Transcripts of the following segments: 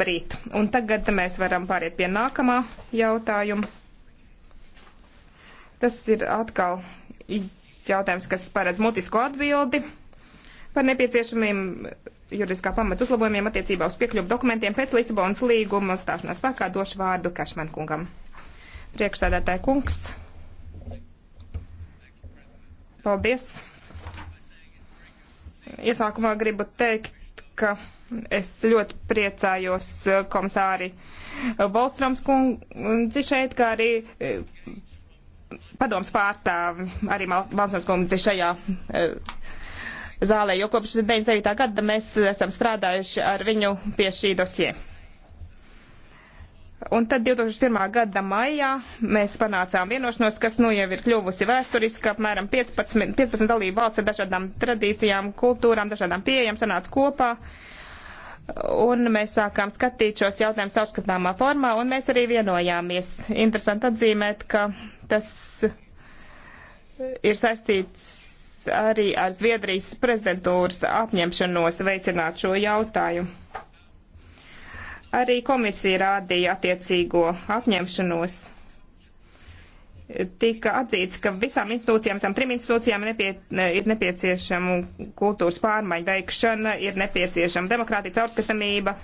rīt. Un tagad mēs varam pāriet pie nākamā jautājuma. Tas ir atkal jautājums, kas paredz mutisko atbildi par nepieciešamiem juridiskā pamata uzlabojumiem attiecībā uz piekļuvu dokumentiem pēc Lisabonas līguma stāšanās spēkā došu vārdu Kašman kungam. Priekšsēdētāja kungs. Paldies. Iesākumā gribu teikt, ka es ļoti priecājos eh, komisāri Volstroms kundzi šeit, kā arī eh, padoms pārstāvi, arī Valstroms kundzi šajā eh, zālē, jo kopš 99. gada mēs esam strādājuši ar viņu pie šī dosie. Un tad 2001. gada maijā mēs panācām vienošanos, kas nu jau ir kļuvusi vēsturiski, apmēram 15, 15 dalību valsts ar dažādām tradīcijām, kultūrām, dažādām pieejām sanāca kopā. Un mēs sākām skatīt šos jautājumus caurskatāmā formā, un mēs arī vienojāmies. Interesanti atzīmēt, ka tas ir saistīts arī ar Zviedrijas prezidentūras apņemšanos veicināt šo jautājumu. Arī komisija rādīja attiecīgo apņemšanos. Tika atzīts, ka visām institūcijām, visām trim institūcijām nepie, ir nepieciešama kultūras pārmaiņa veikšana, ir nepieciešama demokrātija caurskatamība,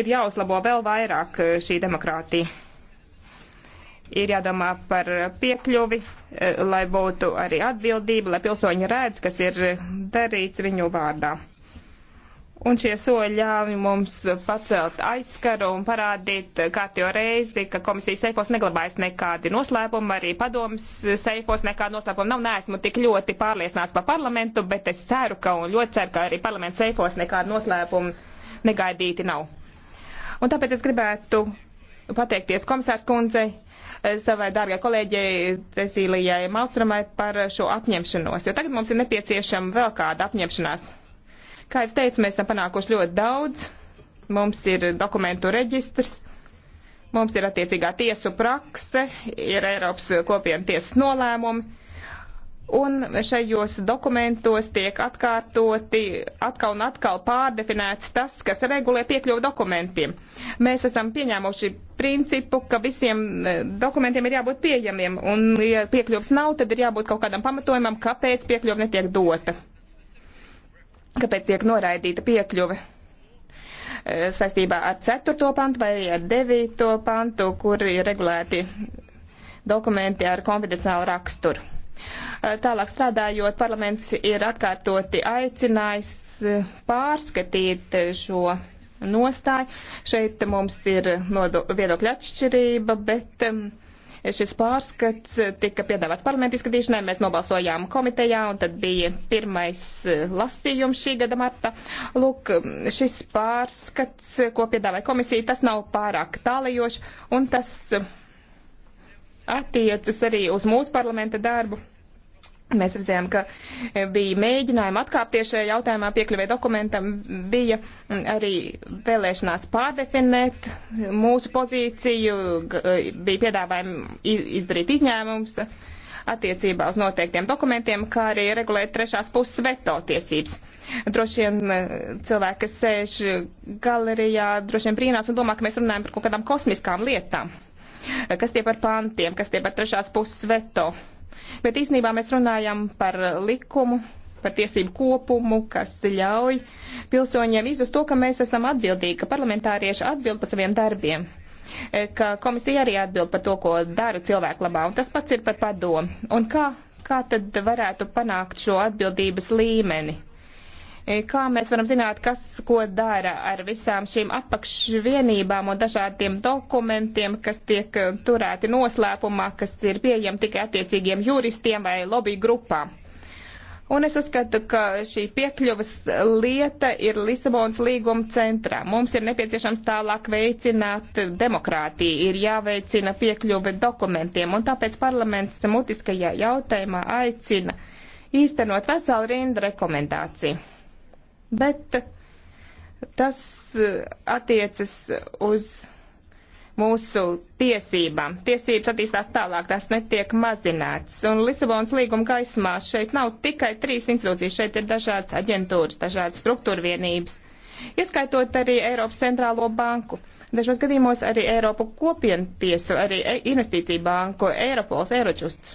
ir jāuzlabo vēl vairāk eh, šī demokrātija. Ir jādomā par piekļuvi, eh, lai būtu arī atbildība, lai pilsoņi redz, kas ir eh, darīts viņu vārdā. Un šie soļi ļauj mums pacelt aizskaru un parādīt kārtējo reizi, ka komisijas seifos neglabājas nekādi noslēpumi, arī padomas seifos nekāda noslēpuma nav. Neesmu tik ļoti pārliecināts par parlamentu, bet es ceru, ka un ļoti ceru, ka arī parlamenta seifos nekāda noslēpuma negaidīti nav. Un tāpēc es gribētu pateikties komisārs kundzei, savai dārgai kolēģei Cecīlijai Malstramai par šo apņemšanos, jo tagad mums ir nepieciešama vēl kāda apņemšanās Kā jau teicu, mēs esam panākuši ļoti daudz. Mums ir dokumentu reģistrs, mums ir attiecīgā tiesu prakse, ir Eiropas kopienu tiesas nolēmumi. Un šajos dokumentos tiek atkārtoti atkal un atkal pārdefinēts tas, kas regulē piekļuvu dokumentiem. Mēs esam pieņēmuši principu, ka visiem e, dokumentiem ir jābūt pieejamiem, un ja piekļuvs nav, tad ir jābūt kaut kādam pamatojumam, kāpēc piekļuva netiek dota kāpēc tiek noraidīta piekļuve e, saistībā ar 4. pantu vai ar 9. pantu, kur ir regulēti dokumenti ar konfidenciālu raksturu. E, tālāk strādājot, parlaments ir atkārtoti aicinājis pārskatīt šo nostāju. Šeit mums ir viedokļa atšķirība, bet um, Šis pārskats tika piedāvāts parlamentu izskatīšanai, mēs nobalsojām komitejā, un tad bija pirmais eh, lasījums šī gada marta. Lūk, šis pārskats, ko piedāvāja komisija, tas nav pārāk tālajošs, un tas attiecas arī uz mūsu parlamenta darbu. Mēs redzējām, ka bija mēģinājumi atkāpties šajā jautājumā, piekļuvē dokumentam, bija arī vēlēšanās pārdefinēt mūsu pozīciju, e, bija piedāvājumi izdarīt izņēmums attiecībā uz noteiktiem dokumentiem, kā arī regulēt trešās puses veto tiesības. Droši vien e, cilvēki, kas sēž galerijā, droši vien brīnās un domā, ka mēs runājam par kaut kādām kosmiskām lietām. Kas tie par pantiem, kas tie par trešās puses veto? Bet īstenībā mēs runājam par likumu, par tiesību kopumu, kas ļauj pilsoņiem izjust to, ka mēs esam atbildīgi, ka parlamentārieši atbild par saviem darbiem e, ka komisija arī atbild par to, ko dara cilvēku labā, un tas pats ir par padomu. Un kā, kā tad varētu panākt šo atbildības līmeni? Eh, kā mēs varam zināt, kas ko dara ar visām šīm apakšvienībām un dažādiem dokumentiem, kas tiek eh, turēti noslēpumā, kas ir pieejami tikai attiecīgiem juristiem vai lobby grupām? Un es uzskatu, ka šī piekļuvas lieta ir Lisabonas līguma centrā. Mums ir nepieciešams tālāk veicināt demokrātiju, ir jāveicina piekļuve dokumentiem, un tāpēc parlaments mutiskajā jautājumā aicina īstenot veselu rindu rekomendāciju bet tas uh, attiecas uz mūsu tiesībām. Tiesības attīstās tālāk, tās netiek mazināts. Un Lisabonas līguma gaismā šeit nav tikai trīs institūcijas, šeit ir dažādas aģentūras, dažādas struktūra vienības, ieskaitot arī Eiropas centrālo banku. Dažos gadījumos arī Eiropu kopienu tiesu, arī e- investīciju banku, Eiropols, Eiročusts.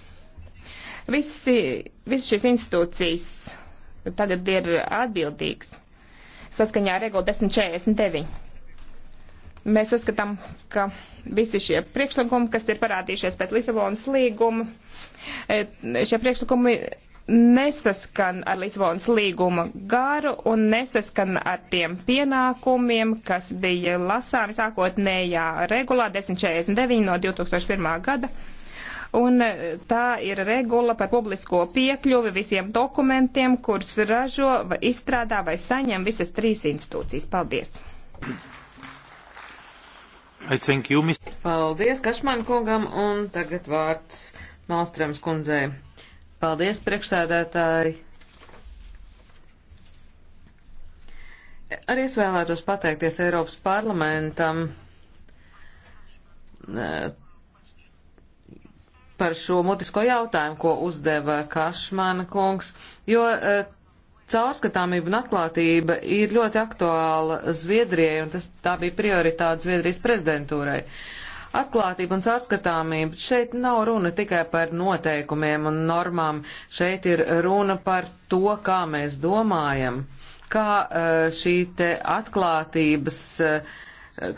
Visi, visi šīs institūcijas tagad ir atbildīgs saskaņā ar regulu 1049. Mēs uzskatām, ka visi šie priekšlikumi, kas ir parādījušies pēc Lisabonas līguma, e, šie priekšlikumi nesaskan ar Lisabonas līguma garu un nesaskan ar tiem pienākumiem, kas bija lasāmi sākotnējā regulā 1049 no 2001. gada Un e, tā ir regula par publisko piekļuvi visiem dokumentiem, kurus ražo, vai izstrādā vai saņem visas trīs institūcijas. Paldies! You, Paldies Kašman kungam un tagad vārds Malstrēms kundzei. Paldies, priekšsēdētāji! Arī es vēlētos pateikties Eiropas parlamentam e, par šo mutisko jautājumu, ko uzdeva Kašmana kungs, jo eh, caurskatāmība un atklātība ir ļoti aktuāla Zviedrijai, un tas tā bija prioritāte Zviedrijas prezidentūrai. Atklātība un caurskatāmība šeit nav runa tikai par noteikumiem un normām, šeit ir runa par to, kā mēs domājam, kā eh, šī te atklātības, eh,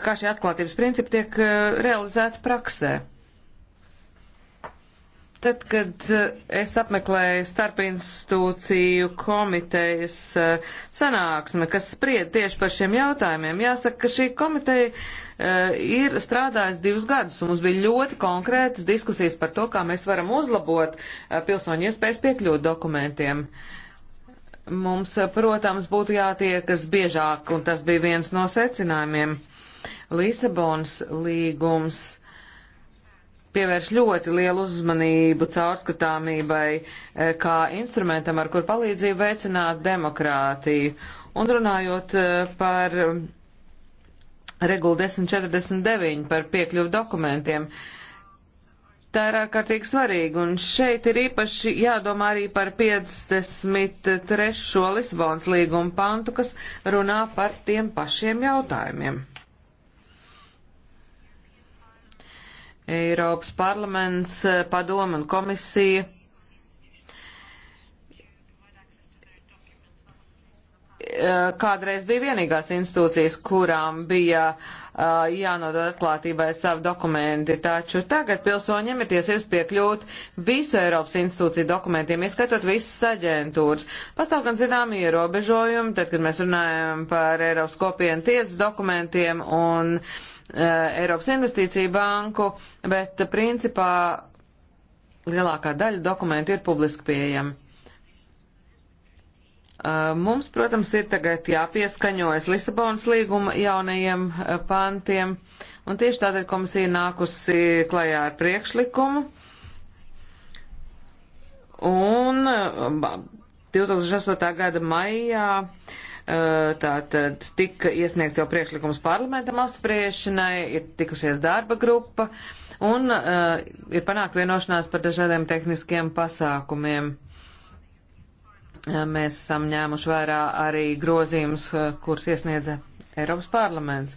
kā šie atklātības principi tiek realizēti praksē. Tad, kad eh, es apmeklēju starpinstitūciju komitejas eh, sanāksme, kas spried tieši par šiem jautājumiem, jāsaka, ka šī komiteja eh, ir strādājusi divus gadus, un mums bija ļoti konkrētas diskusijas par to, kā mēs varam uzlabot pilsoņu iespējas piekļūt dokumentiem. Mums, protams, būtu jātiekas biežāk, un tas bija viens no secinājumiem. Lisabonas līgums pievērš ļoti lielu uzmanību caurskatāmībai eh, kā instrumentam, ar kur palīdzību veicināt demokrātiju. Un runājot eh, par regulu 1049 par piekļuvu dokumentiem, tā ir ārkārtīgi svarīga. Un šeit ir īpaši jādomā arī par 53. Lisbonas līguma pantu, kas runā par tiem pašiem jautājumiem. Eiropas parlaments, eh, padoma un komisija Eh, kādreiz bija vienīgās institūcijas, kurām bija uh, jānodod atklātībai savu dokumenti, taču tagad pilsoņiem ir tiesības piekļūt visu Eiropas institūciju dokumentiem, izskatot visas aģentūras. Pastāv gan zināmi ierobežojumi, tad, kad mēs runājam par Eiropas kopienu tiesas dokumentiem un uh, Eiropas investīciju banku, bet principā lielākā daļa dokumentu ir publiski pieejama. Uh, mums, protams, ir tagad jāpieskaņojas Lisabonas līguma jaunajiem uh, pantiem, un tieši tādēļ komisija nākusi klajā ar priekšlikumu. Un 2008. Uh, gada maijā tātad tika iesniegts jau priekšlikums parlamentam apspriešanai, ir tikušies darba grupa, un ir panākt vienošanās par dažādiem tehniskiem pasākumiem mēs esam ņēmuši vērā arī grozījumus, eh, kurus iesniedza Eiropas parlaments.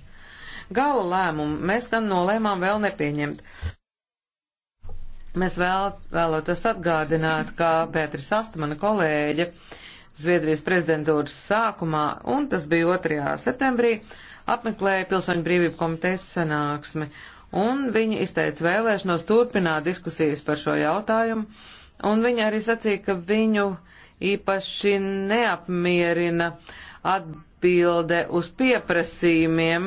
Gala lēmumu mēs gan nolēmām vēl nepieņemt. Mēs vēl, vēloties atgādināt, ka Pētris Astmana kolēģe Zviedrijas prezidentūras sākumā, un tas bija 2. septembrī, apmeklēja Pilsoņu brīvību komitejas sanāksmi, un viņa izteica vēlēšanos turpināt diskusijas par šo jautājumu, un viņa arī sacīja, ka viņu uh, īpaši neapmierina atbilde uz pieprasījumiem,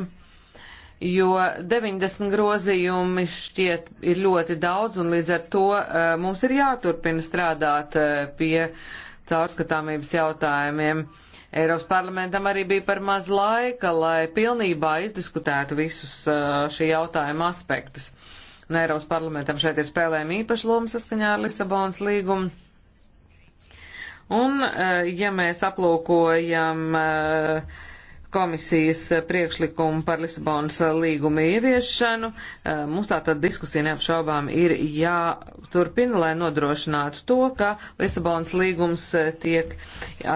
jo 90 grozījumi šķiet ir ļoti daudz, un līdz ar to eh, mums ir jāturpina strādāt eh, pie caurskatāmības jautājumiem. Eiropas parlamentam arī bija par maz laika, lai pilnībā izdiskutētu visus eh, šī jautājuma aspektus. Un Eiropas parlamentam šeit ir spēlējama īpaša loma saskaņā ar Lisabonas līgumu Un, eh, ja mēs aplūkojam eh, komisijas priekšlikumu par Lisabonas līgumu ieviešanu, eh, mums tātad diskusija neapšaubām ir jāturpina, lai nodrošinātu to, ka Lisabonas līgums tiek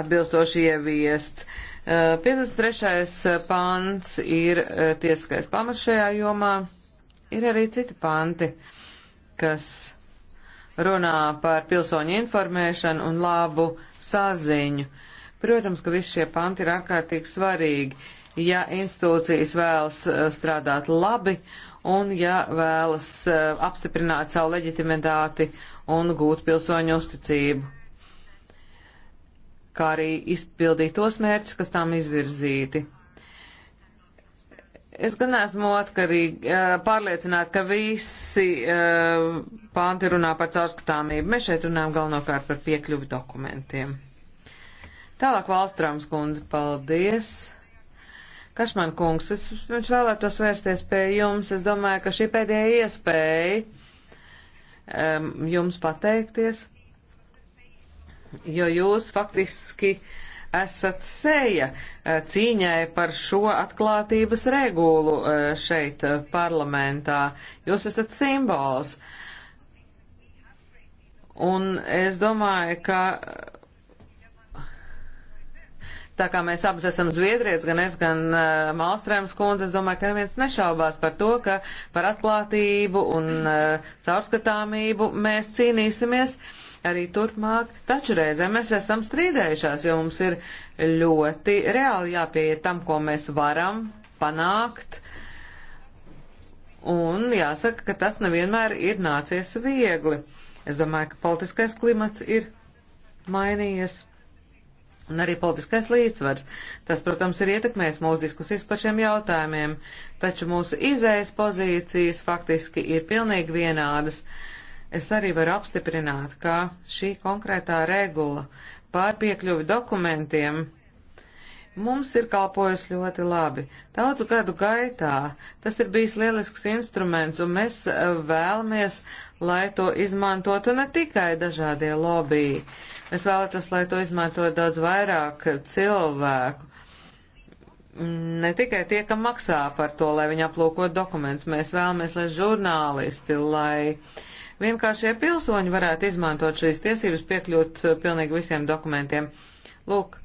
atbilstoši ieviests. 53. pants ir tiesiskais pamats šajā jomā, ir arī citi panti, kas runā par pilsoņu informēšanu un labu saziņu. Protams, ka visi šie panti ir ārkārtīgi svarīgi, ja institūcijas vēlas eh, strādāt labi un ja vēlas eh, apstiprināt savu leģitimitāti un gūt pilsoņu uzticību, kā arī izpildīt tos mērķus, kas tām izvirzīti. Es gan esmu atkarīgi pārliecināta, ka visi panti runā par caurskatāmību. Mēs šeit runājam galvenokārt par piekļuvi dokumentiem. Tālāk Valstrāms kundze, paldies. Kašman kungs, es pirms vēlētos vērsties pie jums. Es domāju, ka šī pēdējā iespēja jums pateikties, jo jūs faktiski uh, esat seja eh, cīņai par šo atklātības regulu eh, šeit eh, parlamentā. Jūs esat simbols. Un es domāju, ka tā kā mēs abas esam zviedrietis, gan es, gan uh, Malstrēms kundze, es domāju, ka neviens nešaubās par to, ka par atklātību un uh, caurskatāmību mēs cīnīsimies. Uh, arī turpmāk, taču reizē mēs esam strīdējušās, jo mums ir ļoti reāli jāpieiet tam, ko mēs varam panākt. Un jāsaka, ka tas nevienmēr ir nācies viegli. Es domāju, ka politiskais klimats ir mainījies. Un arī politiskais līdzsvars. Tas, protams, ir ietekmējis mūsu diskusijas par šiem jautājumiem, taču mūsu izējas pozīcijas faktiski ir pilnīgi vienādas. Uh, Es arī varu apstiprināt, ka šī konkrētā regula pār piekļuvi dokumentiem mums ir kalpojusi ļoti labi. Daudzu gadu gaitā tas ir bijis lielisks instruments, un mēs eh, vēlamies, lai to izmantotu ne tikai dažādie lobby. Mēs vēlētos, lai to izmanto daudz vairāk cilvēku. Ne tikai tie, kam maksā par to, lai viņi aplūko dokumentus. Mēs vēlamies, lai žurnālisti, lai uh, vienkāršie pilsoņi varētu izmantot šīs tiesības piekļūt eh, pilnīgi visiem dokumentiem. Lūk,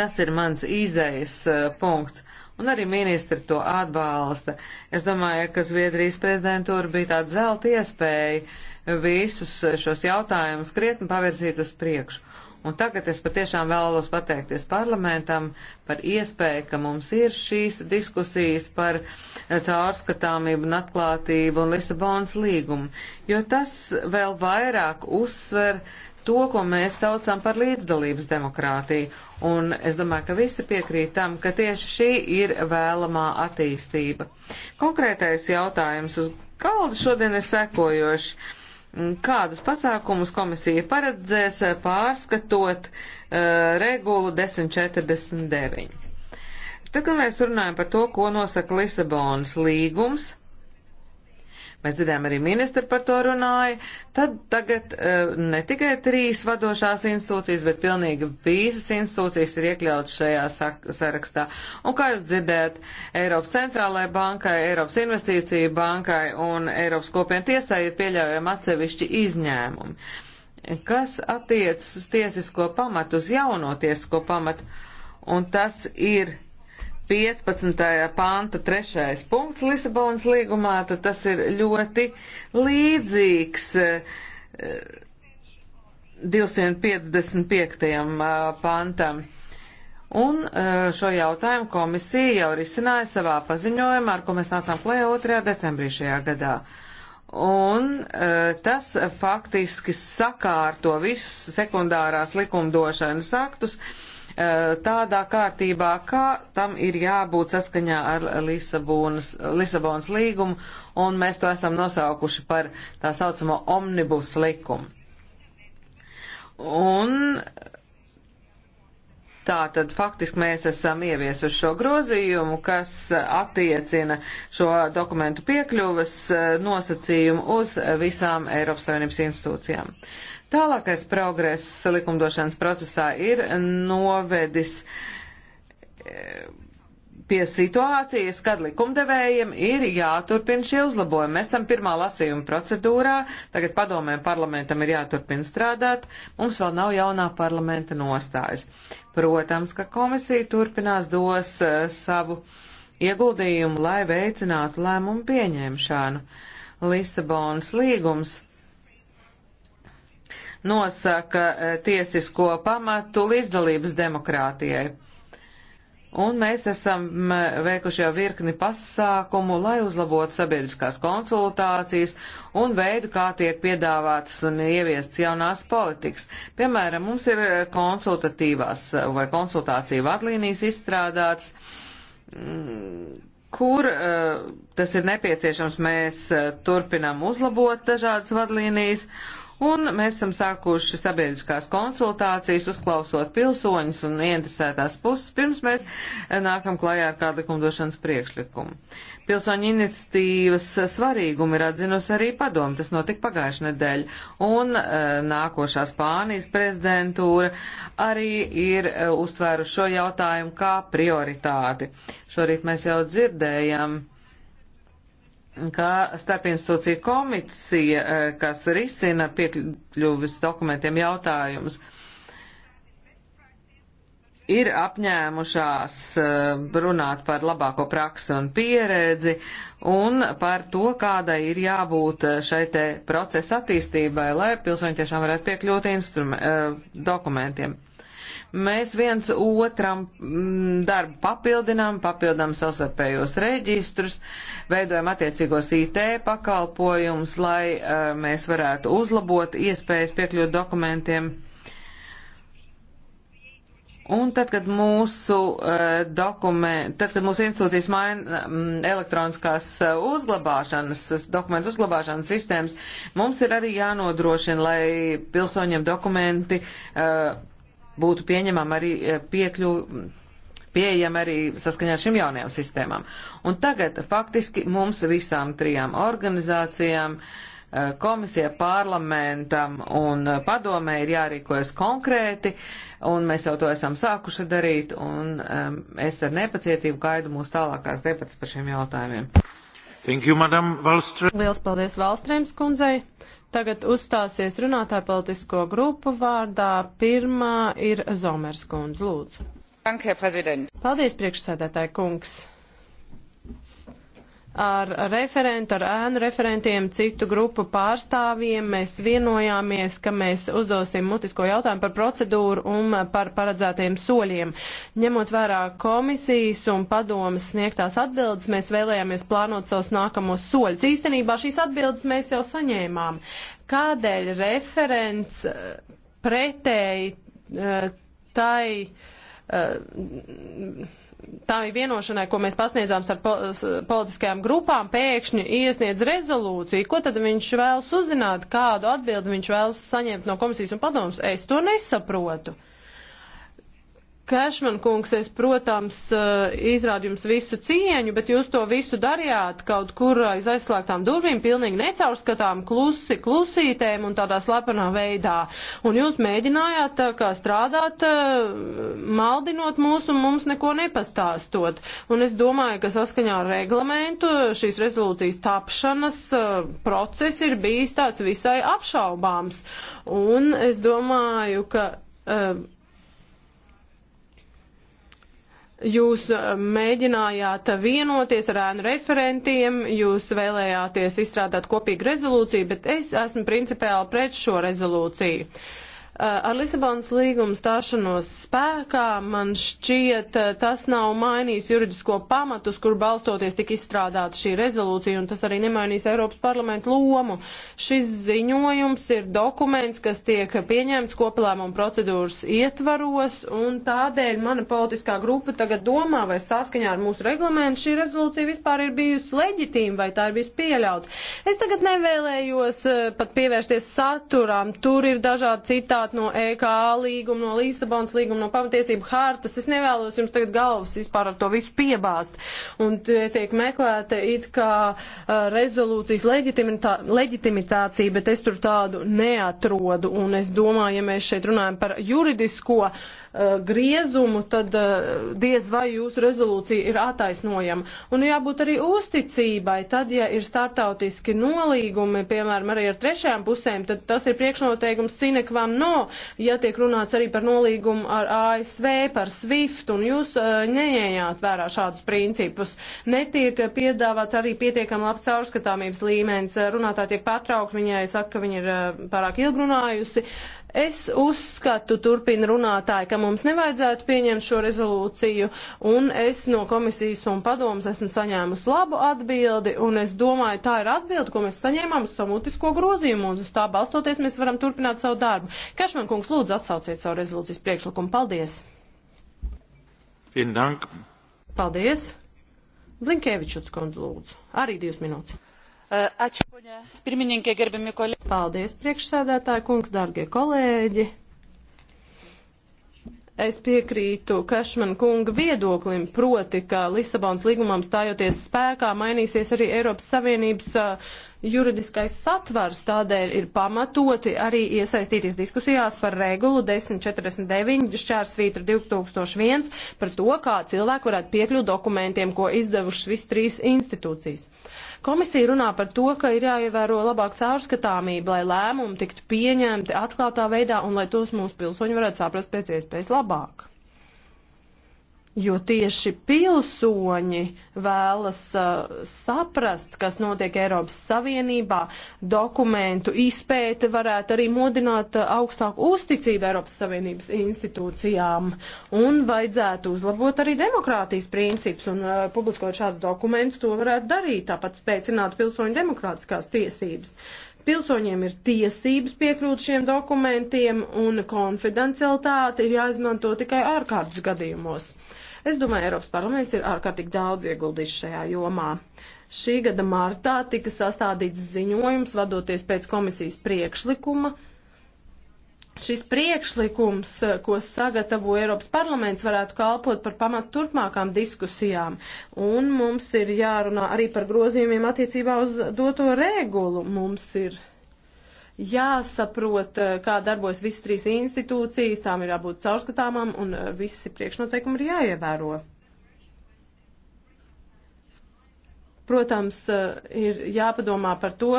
tas ir mans izējas eh, punkts. Un arī ministri to atbalsta. Es domāju, ka Zviedrijas prezidentūra bija tāda zelta iespēja visus eh, šos jautājumus krietni pavirzīt uz priekšu. Un tagad es patiešām vēlos pateikties parlamentam par iespēju, ka mums ir šīs diskusijas par eh, caurskatāmību un atklātību un Lisabonas līgumu, jo tas vēl vairāk uzsver to, ko mēs saucam par līdzdalības demokrātiju. Un es domāju, ka visi piekrīt tam, ka tieši šī ir vēlamā attīstība. Konkrētais jautājums uz galda šodien ir sekojošs Kādus pasākumus komisija paredzēs eh, pārskatot uh, regulu 1049? Tad, kad mēs runājam par to, ko nosaka Lisabonas līgums, mēs dzirdējām arī ministri par to runāja, tad tagad e, ne tikai trīs vadošās institūcijas, bet pilnīgi visas institūcijas ir iekļautas šajā sarakstā. Un kā jūs dzirdējat, Eiropas centrālajai bankai, Eiropas investīcija bankai un Eiropas kopienu tiesai ir pieļaujami atsevišķi izņēmumi. Kas attiecas uz tiesisko pamatu, uz jauno tiesisko pamatu, un tas ir 15. panta trešais punkts Lisabonas līgumā, tad tas ir ļoti līdzīgs 255. Eh, eh, pantam. Un eh, šo jautājumu komisija jau risināja savā paziņojumā, ar ko mēs nācām klajā 2. decembrī šajā gadā. Un tas faktiski sakārto visus sekundārās likumdošanas aktus, uh, Eh, tādā kārtībā, kā tam ir jābūt saskaņā ar Lisabonas, Lisabonas līgumu, un mēs to esam nosaukuši par tā saucamo omnibus likumu. Un tā tad faktiski mēs esam ieviesuši šo grozījumu, kas attiecina šo dokumentu piekļuvas eh, nosacījumu uz visām Eiropas Savienības institūcijām. Uh, Tālākais progress likumdošanas procesā ir novedis eh, pie situācijas, kad likumdevējiem ir jāturpina šie uzlabojumi. Mēs esam pirmā lasījuma procedūrā, tagad padomēm parlamentam ir jāturpina strādāt, mums vēl nav jaunā parlamenta nostājas. Protams, ka komisija turpinās dos uh, savu ieguldījumu, lai veicinātu lēmumu pieņemšanu. Lisabonas līgums nosaka eh, tiesisko pamatu līdzdalības demokrātijai. Un mēs esam mm, veikuši jau virkni pasākumu, lai uzlabotu sabiedriskās konsultācijas un veidu, kā tiek piedāvātas un ieviests jaunās politikas. Piemēram, mums ir eh, konsultatīvās eh, vai konsultāciju vadlīnijas izstrādātas, mm, kur tas ir nepieciešams, mēs turpinam uzlabot dažādas vadlīnijas Un mēs esam sākuši sabiedriskās konsultācijas, uzklausot pilsoņus un ieinteresētās puses, pirms mēs eh, nākam klajā ar kādu likumdošanas priekšlikumu. Pilsoņu iniciatīvas svarīgumu ir atzinusi arī padomu, tas notika pagājušajā nedēļā, un e, nākošā Spānijas prezidentūra arī ir e, eh, uztvēruši šo jautājumu kā prioritāti. Šorīt mēs jau dzirdējam kā starpinstitūcija komisija, eh, kas risina piekļuvis dokumentiem jautājumus, ir apņēmušās eh, runāt par labāko praksi un pieredzi un par to, kādai ir jābūt eh, šai te procesa attīstībai, lai pilsoņi tiešām varētu piekļūt dokumentiem. Mēs viens otram mm, darbu papildinām, papildinām sasarpējos reģistrus, veidojam attiecīgos IT pakalpojumus, lai uh, mēs varētu uzlabot iespējas piekļūt dokumentiem. Un tad, kad mūsu uh, eh, dokumenti, tad, kad mūsu institūcijas maina mm, elektroniskās uh, uzglabāšanas, dokumentu uzglabāšanas sistēmas, mums ir arī jānodrošina, lai pilsoņiem dokumenti uh, būtu pieņemama arī eh, piekļuva pieejama arī saskaņā ar šīm jaunajām sistēmām. Un tagad faktiski mums visām trijām organizācijām, eh, komisija, parlamentam un eh, padomē ir jārīkojas konkrēti, un mēs jau to esam sākuši darīt, un um, es ar nepacietību gaidu mūsu tālākās debatas par šiem jautājumiem. Thank you, Madam Valstrēm. Liels paldies Valstrēms kundzei. Tagad uzstāsies runātāja politisko grupu vārdā. Pirmā ir Zomers kundze, lūdzu. Dank, Paldies, priekšsēdētāji kungs ar referentu, ar ēnu referentiem, citu grupu pārstāvjiem. Mēs vienojāmies, ka mēs uzdosim mutisko jautājumu par procedūru un par paredzētajiem soļiem. Ņemot vērā komisijas un padomas sniegtās atbildes, mēs vēlējāmies plānot savus nākamos soļus. Īstenībā šīs atbildes mēs jau saņēmām. Kādēļ referents eh, pretēji eh, tai uh, tā vienošanai, ko mēs pasniedzām ar politiskajām grupām, pēkšņi iesniedz rezolūciju. Ko tad viņš vēlas uzzināt, kādu atbildi viņš vēlas saņemt no komisijas un padomus? Es to nesaprotu. Uh, Kešman kungs, es, protams, eh, izrādu jums visu cieņu, bet jūs to visu darījāt kaut kur aiz aizslēgtām durvīm, pilnīgi necaurskatām, klusi, klusītēm un tādā slepenā veidā. Un jūs mēģinājāt eh, kā strādāt, eh, maldinot mūs un mums neko nepastāstot. Un es domāju, ka saskaņā ar reglamentu šīs rezolūcijas tapšanas process ir bijis tāds visai apšaubāms. Un es domāju, ka. Uh, Jūs eh, mēģinājāt vienoties ar ēnu referentiem, jūs vēlējāties izstrādāt kopīgu rezolūciju, bet es esmu principiāli pret šo rezolūciju. Uh, Eh, ar Lisabonas līgumu stāšanos spēkā man šķiet eh, tas nav mainījis juridisko pamatus, kur balstoties tika izstrādāta šī rezolūcija, un tas arī nemainīs Eiropas parlamentu lomu. Šis ziņojums ir dokuments, kas tiek pieņemts kopalēmuma procedūras ietvaros, un tādēļ mana politiskā grupa tagad domā, vai saskaņā ar mūsu reglamentu šī rezolūcija vispār ir bijusi leģitīma, vai tā ir bijusi pieļauta. Es tagad nevēlējos eh, pat pievērsties saturām, tur ir dažādi citādi piedāvāt no EKA līguma, no Līsabonas līguma, no pamatiesību hartas. Es nevēlos jums tagad galvas vispār ar to visu piebāzt. Un tiek meklēta it kā rezolūcijas leģitimitā, leģitimitācija, bet es tur tādu neatrodu. Un es domāju, ja mēs šeit runājam par juridisko uh, griezumu, tad uh, diez vai jūsu rezolūcija ir attaisnojama. Un jābūt arī uzticībai. Tad, ja ir startautiski nolīgumi, piemēram, arī ar trešajām pusēm, tad tas ir priekšnoteikums sinekvam non. ANO, ja tiek runāts arī par nolīgumu ar ASV, par SWIFT, un jūs eh, neņēmāt vērā šādus principus. Netiek piedāvāts arī pietiekami labs caurskatāmības līmenis. Runātāji tiek pārtraukti, viņai saka, ka viņa ir eh, pārāk ilgrunājusi. Uh, Es uzskatu, turpina runātāji, ka mums nevajadzētu pieņemt šo rezolūciju, un es no komisijas un padomas esmu saņēmusi labu atbildi, un es domāju, tā ir atbildi, ko mēs saņēmām uz savu mutisko grozījumu, un uz tā balstoties mēs varam turpināt savu darbu. Kašman kungs, lūdzu, atsauciet savu rezolūcijas priekšlikumu. Paldies! Paldies! Blinkēvičuts kundze, lūdzu. Arī divas minūtes. Uh, ačiū, ponia pirmininkė, gerbiami kolēģi. Paldies, priekšsēdētāji, kungs, dārgie kolēģi. Es piekrītu Kašman kunga viedoklim, proti, ka Lisabonas līgumam stājoties spēkā mainīsies arī Eiropas Savienības uh, juridiskais satvars, tādēļ ir pamatoti arī iesaistīties diskusijās par regulu 1049 šķērsvītru 2001 par to, kā cilvēki varētu piekļūt dokumentiem, ko izdevušas visas trīs institūcijas. Komisija runā par to, ka ir jāievēro labāk caurskatāmība, lai lēmumi tiktu pieņemti atklātā veidā un lai tos mūsu pilsoņi varētu saprast pēc iespējas labāk jo tieši pilsoņi vēlas uh, saprast, kas notiek Eiropas Savienībā. Dokumentu izpēte varētu arī modināt uh, augstāku uzticību Eiropas Savienības institūcijām un vajadzētu uzlabot arī demokrātijas principus un uh, publiskot šādus dokumentus, to varētu darīt, tāpat spēcināt pilsoņu demokrātiskās tiesības pilsoņiem ir tiesības piekļūt šiem dokumentiem, un konfidencialitāte ir jāizmanto tikai ārkārtas gadījumos. Es domāju, Eiropas parlaments ir ārkārtīgi daudz ieguldījis šajā jomā. Šī gada martā tika sastādīts ziņojums, vadoties pēc komisijas priekšlikuma, šis priekšlikums, eh, ko sagatavo Eiropas parlaments, varētu kalpot par pamatu turpmākām diskusijām. Un mums ir jārunā arī par grozījumiem attiecībā uz doto regulu. Mums ir jāsaprot, eh, kā darbojas visas trīs institūcijas, tām ir jābūt caurskatāmām un eh, visi priekšnoteikumi ir jāievēro. Protams, eh, ir jāpadomā par to,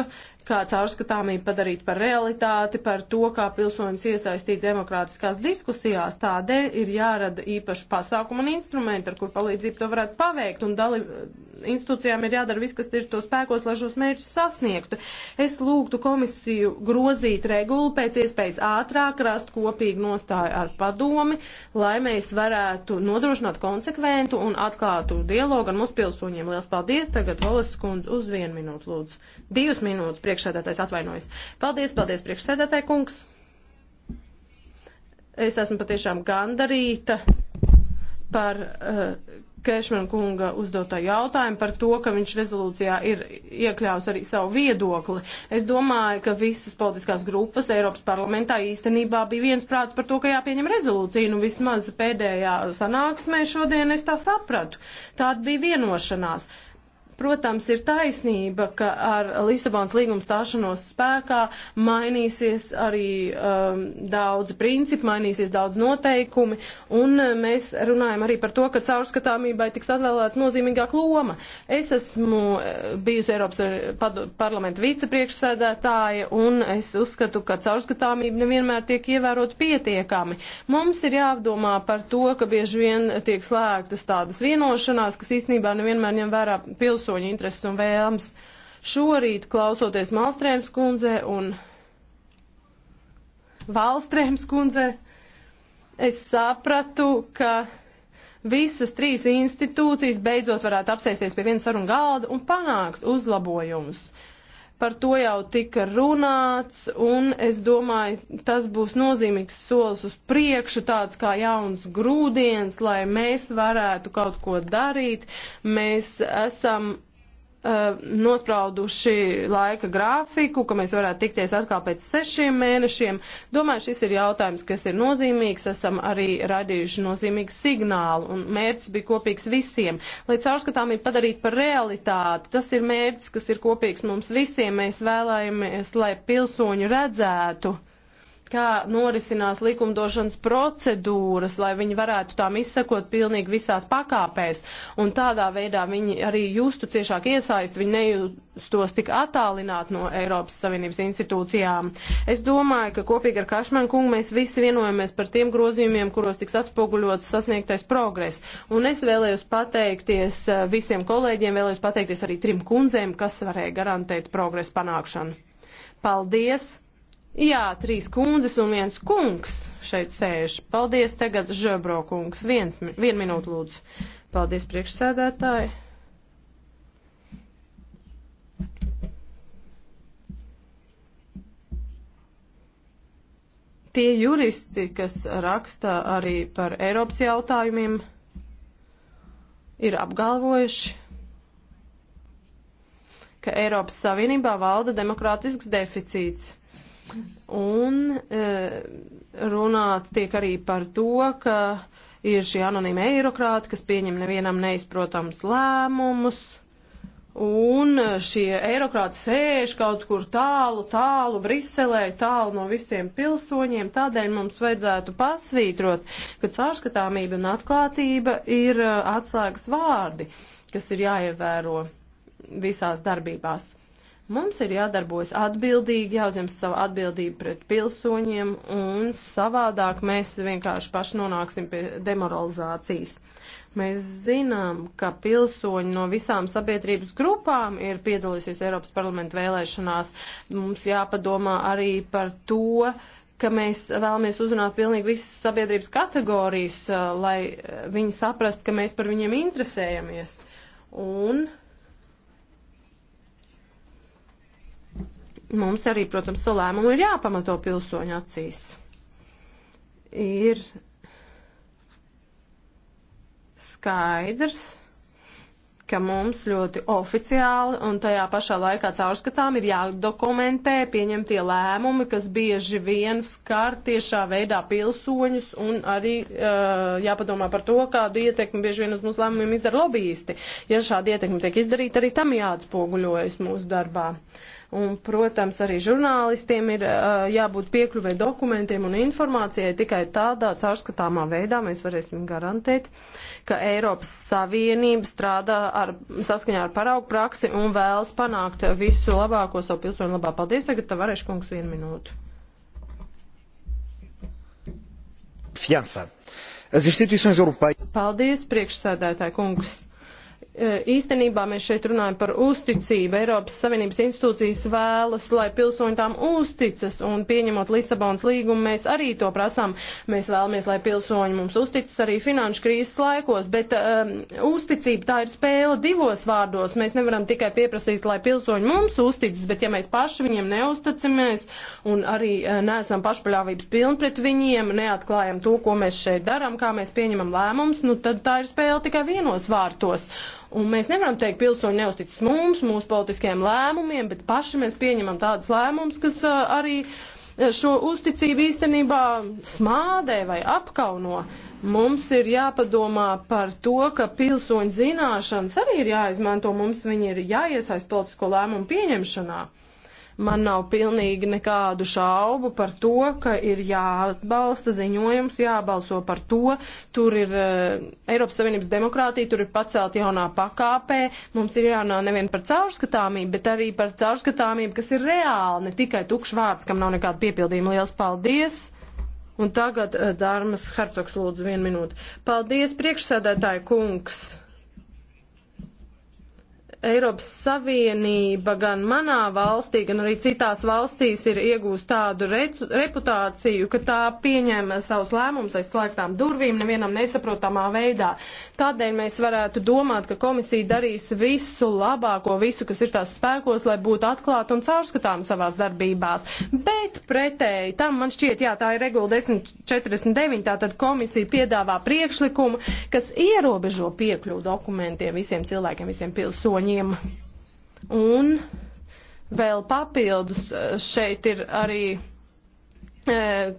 kā caurskatāmību padarīt par realitāti, par to, kā pilsoņus iesaistīt demokrātiskās diskusijās. Tādēļ ir jārada īpaši pasākumu un instrumenti, ar kur palīdzību to varētu paveikt, un dali, institūcijām ir jādara viss, kas ir to spēkos, lai šos mērķus sasniegtu. Es lūgtu komisiju grozīt regulu pēc iespējas ātrāk, rast kopīgu nostāju ar padomi, lai mēs varētu nodrošināt konsekventu un atklātu dialogu ar mūsu pilsoņiem. Lielas paldies! Tagad Valas kundze uz vienu minūtu lūdzu. Divas minūtes priekšsēdētājs atvainojas. Paldies, paldies priekšsēdētāji kungs! Es esmu patiešām gandarīta par uh, Kešmana kunga uzdotā jautājuma par to, ka viņš rezolūcijā ir iekļāvis arī savu viedokli. Es domāju, ka visas politiskās grupas Eiropas parlamentā īstenībā bija viens prāts par to, ka jāpieņem rezolūcija. Nu, vismaz pēdējā sanāksmē šodien es tā sapratu. Tāda bija vienošanās. Uh, Protams, ir taisnība, ka ar Lisabonas līgumu stāšanos spēkā mainīsies arī um, daudz principu, mainīsies daudz noteikumi, un uh, mēs runājam arī par to, ka caurskatāmībai tiks atvēlēta nozīmīgāka loma. Es esmu uh, bijusi Eiropas uh, parlamenta vicepriekšsēdētāja, un es uzskatu, ka caurskatāmība nevienmēr tiek ievērot pietiekami. Mums ir jāapdomā par to, ka bieži vien tiek slēgtas tādas vienošanās, kas īstenībā nevienmēr ņem vērā pilsūtību pilsoņu intereses un vēlmes. Šorīt, klausoties Malstrēms kundzē un Valstrēms kundzē, es sapratu, ka visas trīs institūcijas beidzot varētu apsēsties pie viena saruna galda un panākt uzlabojumus. Uh, Par to jau tika runāts, un es domāju, tas būs nozīmīgs solis uz priekšu, tāds kā jauns grūdienis, lai mēs varētu kaut ko darīt. Mēs esam Uh, nosprauduši laika grafiku, ka mēs varētu tikties atkal pēc sešiem mēnešiem. Domāju, šis ir jautājums, kas ir nozīmīgs. Esam arī radījuši nozīmīgu signālu, un mērķis bija kopīgs visiem. Lai caurskatāmību padarītu par realitāti, tas ir mērķis, kas ir kopīgs mums visiem. Mēs vēlamies, lai pilsoņi redzētu kā norisinās likumdošanas procedūras, lai viņi varētu tām izsakot pilnīgi visās pakāpēs. Un tādā veidā viņi arī justu ciešāk iesaist, viņi nejustos tik attālināt no Eiropas Savienības institūcijām. Es domāju, ka kopīgi ar Kašmanu kungu mēs visi vienojamies par tiem grozījumiem, kuros tiks atspoguļots sasniegtais progress. Un es vēlējos pateikties eh, visiem kolēģiem, vēlējos pateikties arī trim kundzēm, kas varēja garantēt progresu panākšanu. Paldies! Jā, trīs kundzes un viens kungs šeit sēž. Paldies tagad, Žebro kungs. Viens, vien minūte lūdzu. Paldies priekšsēdētāji. Tie juristi, kas raksta arī par Eiropas jautājumiem, ir apgalvojuši, ka Eiropas Savienībā valda demokrātisks deficīts. Un e, runāts tiek arī par to, ka ir šie anonīmi eirokrāti, kas pieņem nevienam neizprotams lēmumus. Un šie eirokrāti sēž kaut kur tālu, tālu Briselē, tālu no visiem pilsoņiem. Tādēļ mums vajadzētu pasvītrot, ka caurskatāmība un atklātība ir e, atslēgas vārdi, kas ir jāievēro visās darbībās. Mums ir jādarbojas atbildīgi, jāuzņemas savu atbildību pret pilsoņiem, un savādāk mēs vienkārši paši nonāksim pie demoralizācijas. Mēs zinām, ka pilsoņi no visām sabiedrības grupām ir piedalījusies Eiropas parlamenta vēlēšanās. Mums jāpadomā arī par to, ka mēs vēlamies uzrunāt pilnīgi visas sabiedrības kategorijas, eh, lai eh, viņi saprast, ka mēs par viņiem interesējamies. Un mums arī, protams, savu lēmumu ir jāpamato pilsoņu acīs. Ir skaidrs, ka mums ļoti oficiāli un tajā pašā laikā caurskatām ir jādokumentē pieņemtie lēmumi, kas bieži vien skar tiešā veidā pilsoņus un arī uh, jāpadomā par to, kādu ietekmi bieži vien uz mūsu lēmumiem izdara lobbyisti. Ja šāda ietekme tiek izdarīta, arī tam jāatspoguļojas mūsu darbā. Uh, Un, protams, arī žurnālistiem ir uh, jābūt piekļuvē dokumentiem un informācijai. Tikai tādā caurskatāmā veidā mēs varēsim garantēt, ka Eiropas Savienība strādā ar, saskaņā ar paraugu praksi un vēlas panākt visu labāko savu pilsoņu labā. Paldies, tagad tev varēšu kungs vienu minūtu. Fiança. As instituições europeias. Paldies, priekšsēdētāji kungs E, īstenībā mēs šeit runājam par uzticību. Eiropas Savienības institūcijas vēlas, lai pilsoņi tām uzticas, un pieņemot Lisabonas līgumu, mēs arī to prasām. Mēs vēlamies, lai pilsoņi mums uzticas arī finanšu krīzes laikos, bet um, uzticība tā ir spēle divos vārdos. Mēs nevaram tikai pieprasīt, lai pilsoņi mums uzticas, bet ja mēs paši viņiem neusticamies un arī uh, neesam pašpaļāvības pilni pret viņiem, neatklājam to, ko mēs šeit darām, kā mēs pieņemam lēmumus, nu tad tā ir spēle tikai vienos vārtos. Un mēs nevaram teikt, pilsoņi neusticas mums, mūsu politiskajiem lēmumiem, bet paši mēs pieņemam tādas lēmumus, kas uh, arī uh, šo uzticību īstenībā smādē vai apkauno. Mums ir jāpadomā par to, ka pilsoņu zināšanas arī ir jāizmanto, mums viņi ir jāiesaist politisko lēmumu pieņemšanā. Man nav pilnīgi nekādu šaubu par to, ka ir jāatbalsta ziņojums, jābalso par to. Tur ir uh, Eiropas Savienības demokrātija, tur ir pacelt jaunā pakāpē. Mums ir jārunā nevien par caurskatāmību, bet arī par caurskatāmību, kas ir reāli, ne tikai tukšs vārds, kam nav nekāda piepildījuma. Liels paldies! Un tagad eh, Dārmas Hercogs lūdzu vienu minūti. Paldies, priekšsēdētāji kungs! Eiropas Savienība gan manā valstī, gan arī citās valstīs ir iegūst tādu reputāciju, ka tā pieņem savus lēmumus aiz slēgtām durvīm nevienam nesaprotamā veidā. Tādēļ mēs varētu domāt, ka komisija darīs visu labāko, visu, kas ir tās spēkos, lai būtu atklāta un caurskatām savās darbībās. Bet pretēji tam man šķiet, jā, tā ir regula 1049, tātad komisija piedāvā priekšlikumu, kas ierobežo piekļuvu dokumentiem visiem cilvēkiem, visiem pilsoņiem pilsoņiem. Un vēl papildus eh, šeit ir arī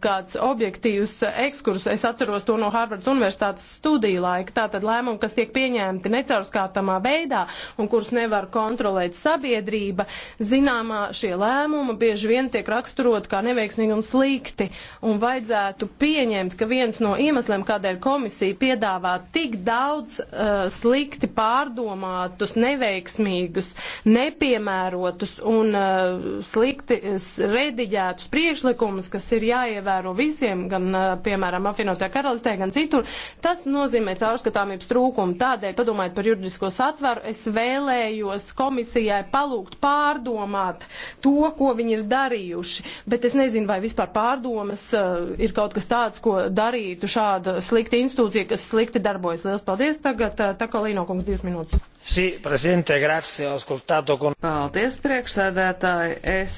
kāds objektīvs ekskurs, es atceros to no Harvardas universitātes studiju laika, tātad lēmumi, kas tiek pieņemti necaurskatāmā veidā un kurus nevar kontrolēt sabiedrība, zināmā šie lēmumi bieži vien tiek raksturot kā neveiksmīgi un slikti, un vajadzētu pieņemt, ka viens no iemesliem, kādēļ komisija piedāvā tik daudz uh, slikti pārdomātus, neveiksmīgus, nepiemērotus un uh, slikti rediģētus priekšlikumus, kas ir ir jāievēro visiem, gan, piemēram, apvienotajā karalistē, gan citur. Tas nozīmē caurskatāmības trūkumu. Tādēļ, padomājot par juridisko satvaru, es vēlējos komisijai palūgt pārdomāt to, ko viņi ir darījuši. Bet es nezinu, vai vispār pārdomas uh, ir kaut kas tāds, ko darītu šāda slikta institūcija, kas slikti darbojas. Lielas paldies tagad, uh, Takolīno kungs, divas minūtes. Sí, con... Paldies, priekšsēdētāji. Es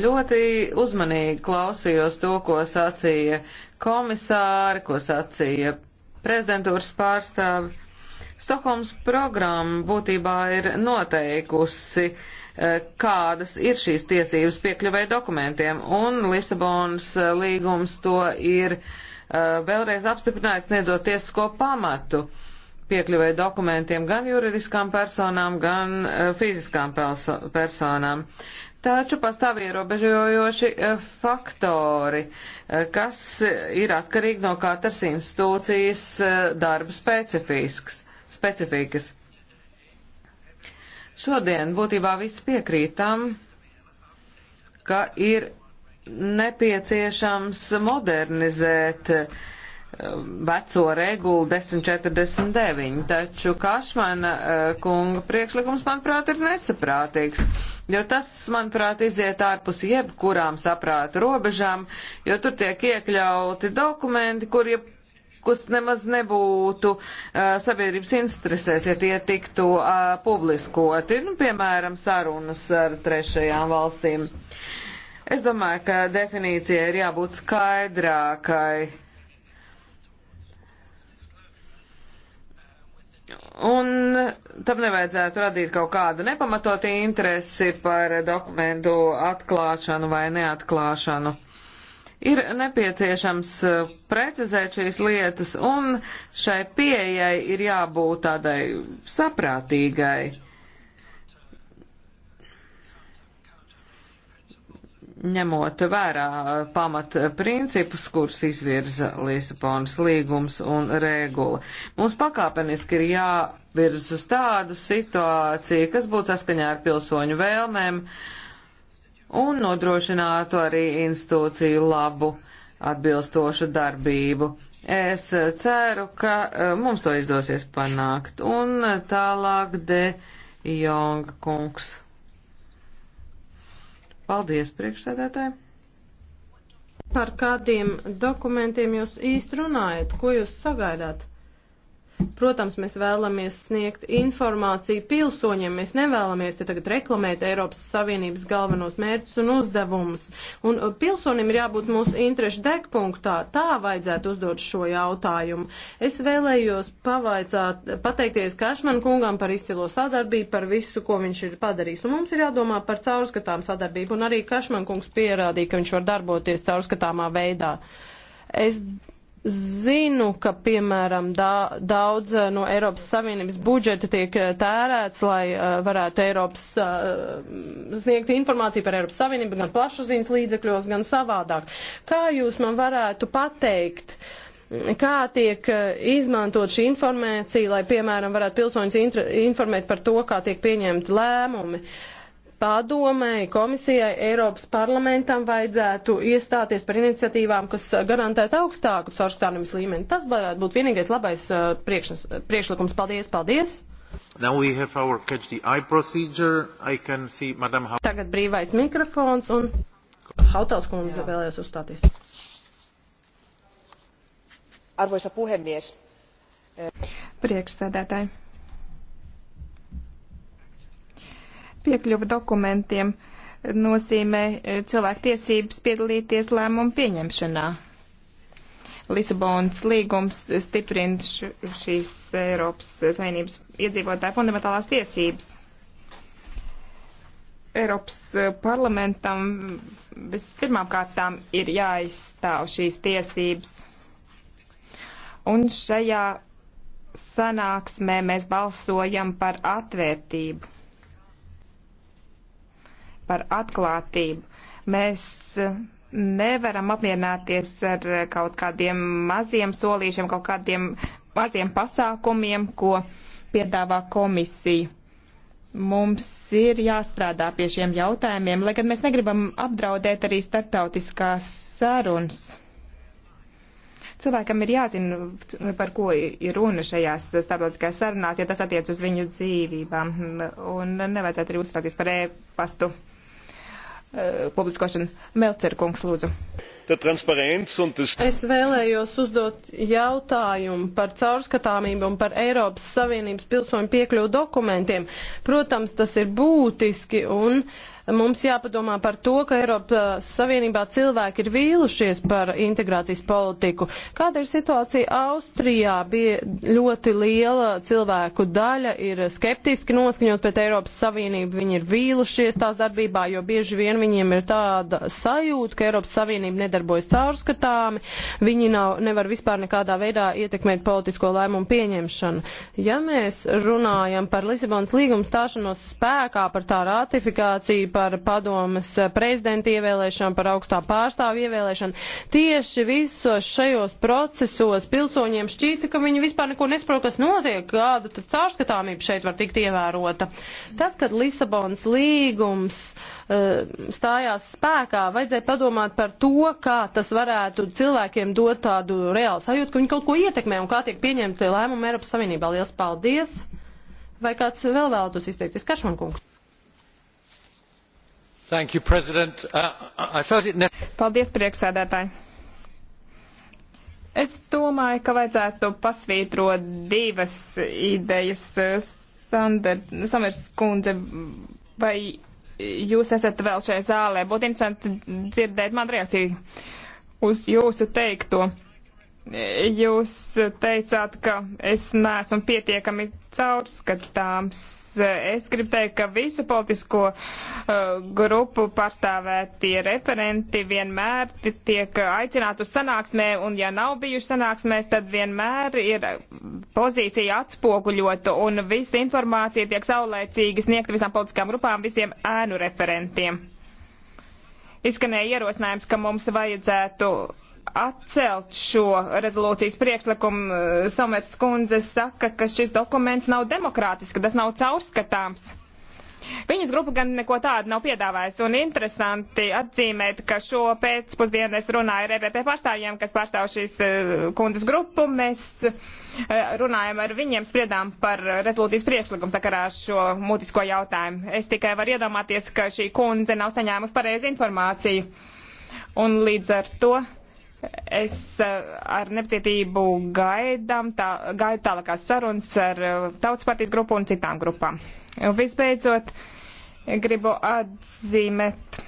ļoti uzmanīgi klausījos to, ko sacīja komisāri, ko sacīja prezidentūras pārstāvi. Stokholmas programma būtībā ir noteikusi, eh, kādas ir šīs tiesības piekļuvēja dokumentiem, un Lisabonas eh, līgums to ir eh, vēlreiz apstiprinājis, sniedzot tiesisko pamatu piekļuvai dokumentiem gan juridiskām personām, gan eh, fiziskām personām. Taču pastāv ierobežojoši eh, faktori, eh, kas ir atkarīgi no katras institūcijas darba specifikas. Šodien būtībā viss piekrīt tam, ka ir nepieciešams modernizēt uh, veco regulu 1049, taču Kašmana eh, kunga priekšlikums, manuprāt, ir nesaprātīgs, jo tas, manuprāt, iziet ārpus jebkurām saprāta robežām, jo tur tiek iekļauti dokumenti, kur jeb kas nemaz nebūtu uh, sabiedrības interesēs, ja tie tiktu uh, publiskoti, nu, piemēram, sarunas ar trešajām valstīm. Es domāju, ka definīcija ir jābūt skaidrākai Un tam nevajadzētu radīt kaut kādu nepamatotu interesi par dokumentu atklāšanu vai neatklāšanu. Ir nepieciešams uh, precizēt šīs lietas, un šai pieejai ir jābūt tādai saprātīgai ņemot vērā pamat principus, kurus izvirza Lisabonas līgums un regula. Mums pakāpeniski ir jāvirz uz tādu situāciju, kas būtu saskaņā ar pilsoņu vēlmēm un nodrošinātu arī institūciju labu atbilstošu darbību. Es ceru, ka e, mums to izdosies panākt. Un tālāk de Jonga kungs. Paldies, priekšsēdētāji! Par kādiem dokumentiem jūs īsti runājat? Ko jūs sagaidāt? Protams, mēs vēlamies sniegt informāciju pilsoņiem, mēs nevēlamies te tagad reklamēt Eiropas Savienības galvenos mērķus un uzdevumus. Un uh, pilsonim ir jābūt mūsu interešu degpunktā, tā vajadzētu uzdot šo jautājumu. Es vēlējos pavaicāt, pateikties Kašman kungam par izcilo sadarbību, par visu, ko viņš ir padarījis. Un mums ir jādomā par caurskatām sadarbību, un arī Kašman kungs pierādīja, ka viņš var darboties caurskatāmā veidā. Es Zinu, ka, piemēram, da, daudz eh, no Eiropas Savienības budžeta tiek eh, tērēts, lai uh, varētu Eiropas, uh, sniegt informāciju par Eiropas Savienību gan plašsaziņas līdzekļos, gan savādāk. Kā jūs man varētu pateikt, kā tiek uh, izmantot šī informācija, lai, piemēram, varētu pilsoņus informēt par to, kā tiek pieņemti lēmumi? Uh, padomēji, komisijai, Eiropas parlamentam vajadzētu iestāties par iniciatīvām, kas garantētu augstāku caurskatāmības līmeni. Tas varētu būt vienīgais labais uh, priekšnes, uh, priekšlikums. Paldies, paldies! See, Tagad brīvais mikrofons un Hautals kundze vēlējās uzstāties. Arvoisa puhemies. Priekšstādātāji. Piekļuva dokumentiem nozīmē e, cilvēku tiesības piedalīties lēmumu pieņemšanā. Lisabonas līgums stiprina šīs Eiropas Savienības iedzīvotāju fundamentālās tiesības. Eiropas e, parlamentam vispirmām kārtām ir jāizstāv šīs tiesības. Un šajā sanāksmē mēs balsojam par atvērtību par atklātību. Mēs eh, nevaram apmierināties ar eh, kaut kādiem maziem solīšiem, kaut kādiem maziem pasākumiem, ko piedāvā komisija. Mums ir jāstrādā pie šiem jautājumiem, lai gan mēs negribam apdraudēt arī starptautiskās sarunas. Cilvēkam ir jāzina, par ko ir runa šajās starptautiskajās sarunās, ja tas attiec uz viņu dzīvībām. Un nevajadzētu arī uztraukties par e-pastu. Eh, publiskošanu. Melcerkungs, lūdzu. Es vēlējos uzdot jautājumu par caurskatāmību un par Eiropas Savienības pilsoņu piekļuvu dokumentiem. Protams, tas ir būtiski un uh, Mums jāpadomā par to, ka Eiropas Savienībā cilvēki ir vīlušies par integrācijas politiku. Kāda ir situācija Austrijā? Bija ļoti liela cilvēku daļa, ir skeptiski noskaņot pret Eiropas Savienību, viņi ir vīlušies tās darbībā, jo bieži vien viņiem ir tāda sajūta, ka Eiropas Savienība nedarbojas caurskatāmi, viņi nav, nevar vispār nekādā veidā ietekmēt politisko lēmumu pieņemšanu. Ja mēs runājam par Lisabonas līgumu stāšanos spēkā, par tā ratifikāciju, par padomas eh, prezidentu ievēlēšanu, par augstā pārstāvu ievēlēšanu. Tieši visos šajos procesos pilsoņiem šķīta, ka viņi vispār neko nesprot, kas notiek, kāda tad caurskatāmība šeit var tikt ievērota. Tad, kad Lisabonas līgums uh, stājās spēkā, vajadzēja padomāt par to, kā tas varētu cilvēkiem dot tādu reālu sajūtu, ka viņi kaut ko ietekmē un kā tiek pieņemti lēmumi Eiropas Savienībā. Lielas paldies! Vai kāds vēl vēlētos izteikties? Kašman kungs. You, uh, it... Paldies, priekšsēdētāji! Es domāju, ka vajadzētu pasvītrot divas idejas. Sander, Samers kundze, vai jūs esat vēl šajā zālē? Būtu interesanti dzirdēt man reakciju uz jūsu teikto. Uh, jūs teicāt, ka es neesmu pietiekami caurskatāms. Es gribu teikt, ka visu politisko uh, grupu pārstāvētie referenti vienmēr tiek aicināti uz sanāksmē, un ja nav bijuši sanāksmēs, tad vienmēr ir pozīcija atspoguļota, un visa informācija tiek saulēcīgi sniegta visām politiskām grupām, visiem ēnu referentiem. Izskanēja ierosinājums, ka mums vajadzētu atcelt šo rezolūcijas priekšlikumu. Eh, Somers kundze saka, ka šis dokuments nav demokrātiski, tas nav caurskatāms. Viņas grupa gan neko tādu nav piedāvājusi, un interesanti atzīmēt, ka šo pēcpusdienu es runāju ar EPP pārstāvjiem, kas pārstāv šīs eh, kundas grupu. Mēs eh, runājam ar viņiem, spriedām par rezolūcijas priekšlikumu sakarā ar šo mutisko jautājumu. Es tikai varu iedomāties, ka šī kundze nav saņēmusi pareizi informāciju. Un līdz ar to Es eh, ar nepacietību gaidām tā, gaidu tālākās sarunas ar eh, Tautas partijas grupu un citām grupām. Visbeidzot, gribu atzīmēt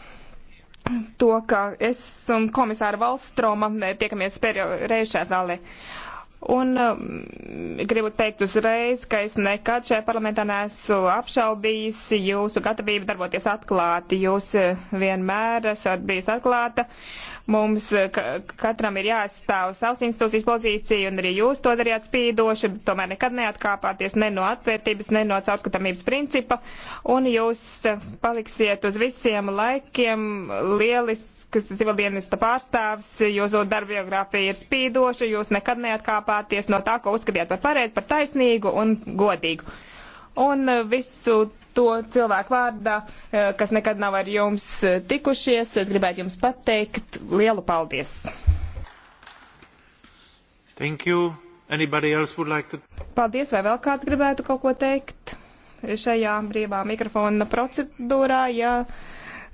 to, ka es un komisāra Valstroma eh, tiekamies pēdējo reizi šajā zālē. Uh, Un um, gribu teikt uzreiz, ka es nekad šajā parlamentā neesmu apšaubījis jūsu gatavību darboties atklāti. Jūs uh, vienmēr esat bijis atklāta. Mums uh, katram ir jāstāv savs institūcijas pozīcija, un arī jūs to darījāt spīdoši, tomēr nekad neatkāpāties ne no atvērtības, ne no caurskatāmības principa, un jūs uh, paliksiet uz visiem laikiem lielis kas civildienesta pārstāvs, jūsu darba biogrāfija ir spīdoša, jūs nekad neatkāpāties no tā, ko uzskatījāt par pareizi, par taisnīgu un godīgu. Un uh, visu to cilvēku vārdā, uh, kas nekad nav ar jums uh, tikušies, es gribētu jums pateikt lielu paldies. Thank you. Anybody else would like to? Paldies, vai vēl kāds gribētu kaut ko teikt šajā brīvā mikrofona procedūrā, ja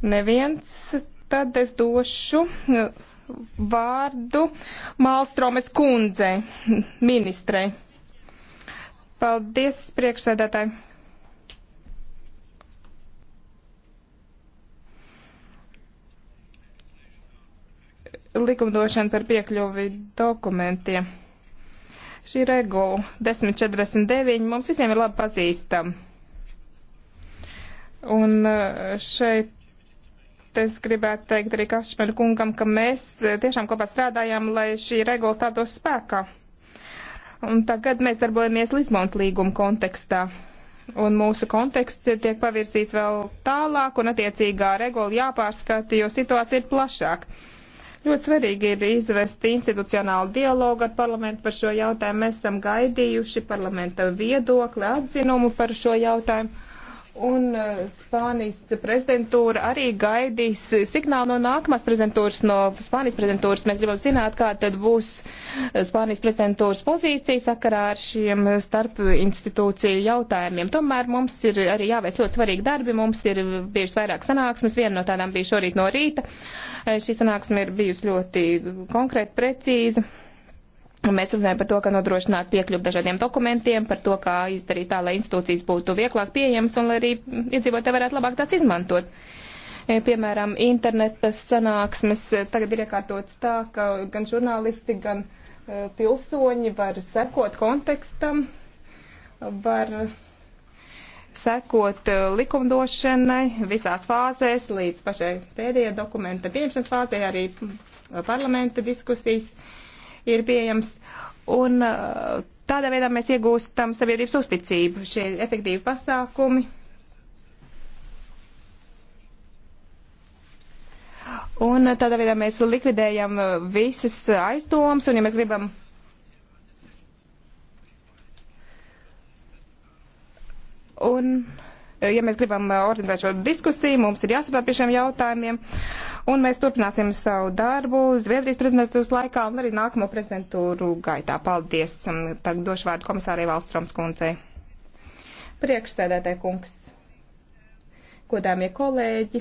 neviens Tad es došu uh, vārdu Malstromes kundzei, ministrei. Paldies, priekšsēdētāji. Likumdošana par piekļuvi dokumentiem. Šī regula 1049 mums visiem ir labi pazīstama. Un uh, šeit es gribētu teikt arī Kašmēra kungam, ka mēs eh, tiešām kopā strādājām, lai šī regula stātos spēkā. Un tagad mēs darbojamies Lisbonas līguma kontekstā. Un mūsu konteksts tiek pavirzīts vēl tālāk, un attiecīgā regula jāpārskata, jo situācija ir plašāka. Ļoti svarīgi ir izvest institucionālu dialogu ar parlamentu par šo jautājumu. Mēs esam gaidījuši parlamenta viedokli, atzinumu par šo jautājumu. Un eh, Spānijas prezidentūra arī gaidīs signālu no nākamās prezidentūras, no Spānijas prezidentūras. Mēs gribam zināt, kā tad būs eh, Spānijas prezidentūras pozīcija sakarā ar šiem eh, starp institūciju jautājumiem. Tomēr mums ir arī jāveic ļoti svarīgi darbi, mums ir bijušas vairāk sanāksmes, viena no tādām bija šorīt no rīta. Šī sanāksme ir bijusi ļoti konkrēta, precīza. Mēs runājam par to, kā nodrošināt piekļuvu dažādiem dokumentiem, par to, kā izdarīt tā, lai institūcijas būtu vieglāk pieejamas un lai arī iedzīvotāji varētu labāk tās izmantot. E, piemēram, interneta sanāksmes e, tagad ir iekārtotas tā, ka gan žurnālisti, gan e, pilsoņi var sekot kontekstam, var sekot likumdošanai visās fāzēs līdz pašai pēdējai dokumenta pieņemšanas fāzē, arī parlamenta diskusijas ir pieejams. Un uh, tādā veidā mēs iegūstam sabiedrības uzticību. Šie efektīvi pasākumi. Un uh, tādā veidā mēs likvidējam uh, visas aizdomas, un ja mēs gribam un Eh, ja mēs gribam eh, organizēt šo diskusiju, mums ir jāstrādā pie šiem jautājumiem, un mēs turpināsim savu darbu Zviedrijas prezidentūras laikā un arī nākamo prezidentūru gaitā. Paldies! Mm, tagad došu vārdu komisārai Valstroms kundzei. Priekšsēdētāji kungs, godāmie kolēģi,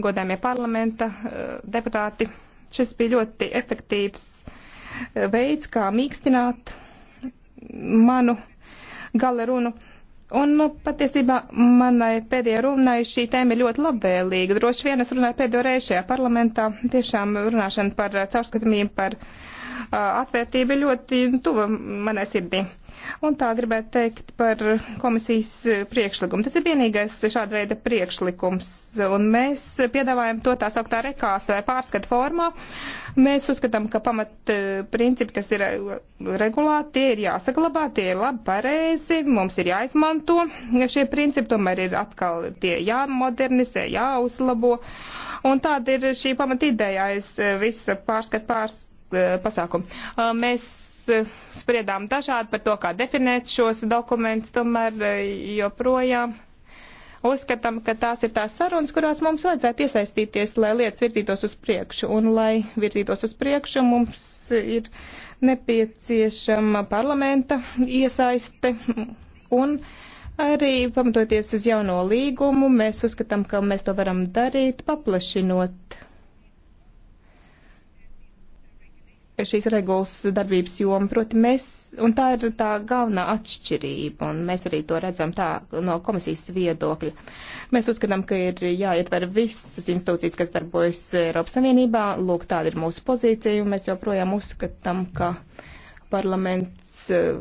godāmie parlamenta eh, deputāti, šis bija ļoti efektīvs veids, kā mīkstināt manu gala runu. Un nu, patiesībā manai pēdējai runai šī tēma ir ļoti labvēlīga. Droši vien es runāju pēdējo reizi šajā parlamentā. Tiešām runāšana par caurskatāmību, par uh, atvērtību ir ļoti tuva manai sirdī. Un tā gribētu teikt par komisijas priekšlikumu. Tas ir vienīgais šāda veida priekšlikums, un mēs piedāvājam to tā sauktā rekāsta vai pārskata formā. Mēs uzskatām, ka pamat eh, principi, kas ir regulāti, tie ir jāsaglabā, tie ir labi, pareizi, mums ir jāizmanto. Šie principi tomēr ir atkal tie jāmodernizē, jāuzlabo. Un tāda ir šī pamat ideja aiz visa pārskata pārskata eh, pasākumu. Mēs Eh, spriedām dažādi par to, kā definēt šos dokumentus, tomēr eh, joprojām uzskatām, ka tās ir tās sarunas, kurās mums vajadzētu iesaistīties, lai lietas virzītos uz priekšu. Un, lai virzītos uz priekšu, mums ir nepieciešama parlamenta iesaiste. Un arī pamatoties uz jauno līgumu, mēs uzskatām, ka mēs to varam darīt, paplašinot šīs regulas darbības joma, proti mēs, un tā ir tā galvenā atšķirība, un mēs arī to redzam tā no komisijas viedokļa. Mēs uzskatām, ka ir jāietver visas institūcijas, kas darbojas Eiropas Savienībā, lūk, tāda ir mūsu pozīcija, un mēs joprojām uzskatām, ka parlaments eh,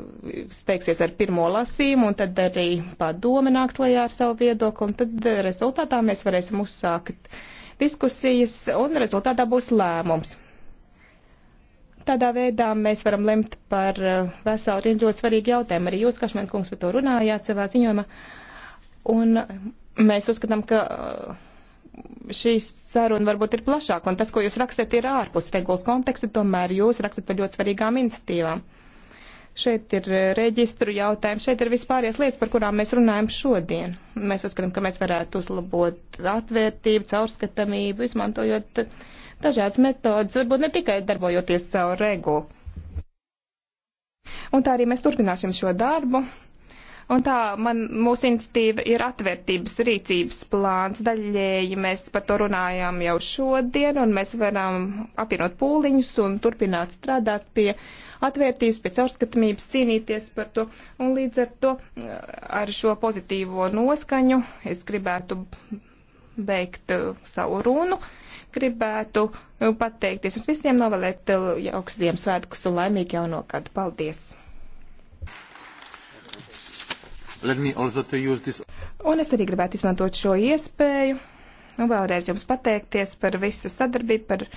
steigsies ar pirmo lasījumu, un tad arī padome nāks lajā ar savu viedokli, un tad rezultātā mēs varēsim uzsākt diskusijas, un rezultātā būs lēmums. Tādā veidā mēs varam lemt par eh, veselu rindu ļoti svarīgu jautājumu. Arī jūs, Kašmēn kungs, par to runājāt savā ziņojumā. Un mēs uzskatām, ka eh, šī saruna varbūt ir plašāka, un tas, ko jūs rakstat, ir ārpus regulas konteksta, tomēr jūs rakstat par ļoti svarīgām iniciatīvām. Šeit ir eh, reģistru jautājumi, šeit ir vispārējās lietas, par kurām mēs runājam šodien. Mēs uzskatām, ka mēs varētu uzlabot atvērtību, caurskatamību, izmantojot uh, dažādas metodas, varbūt ne tikai darbojoties caur regulu. Un tā arī mēs turpināsim šo darbu. Un tā man, mūsu iniciatīva ir atvērtības rīcības plāns. Daļēji mēs par to runājām jau šodien, un mēs varam apvienot pūliņus un turpināt strādāt pie atvērtības, pie caurskatamības, cīnīties par to. Un līdz ar to ar šo pozitīvo noskaņu es gribētu beigt savu runu gribētu nu, pateikties un visiem novēlēt jauks uh, Ziemassvētkus un laimīgu jauno gadu. Paldies! Un es arī gribētu izmantot šo iespēju un vēlreiz jums pateikties par visu sadarbību, par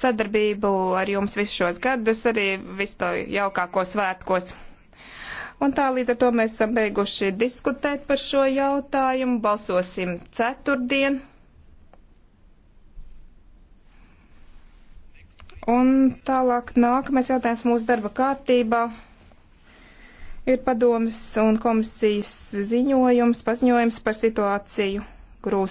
sadarbību ar jums visus šos gadus, arī visu to jaukāko svētkos. Un tā līdz ar to mēs esam beiguši diskutēt par šo jautājumu. Balsosim ceturtdien. Un tālāk nākamais jautājums mūsu darba kārtībā ir padomas un komisijas ziņojums, paziņojums par situāciju Grūzijā.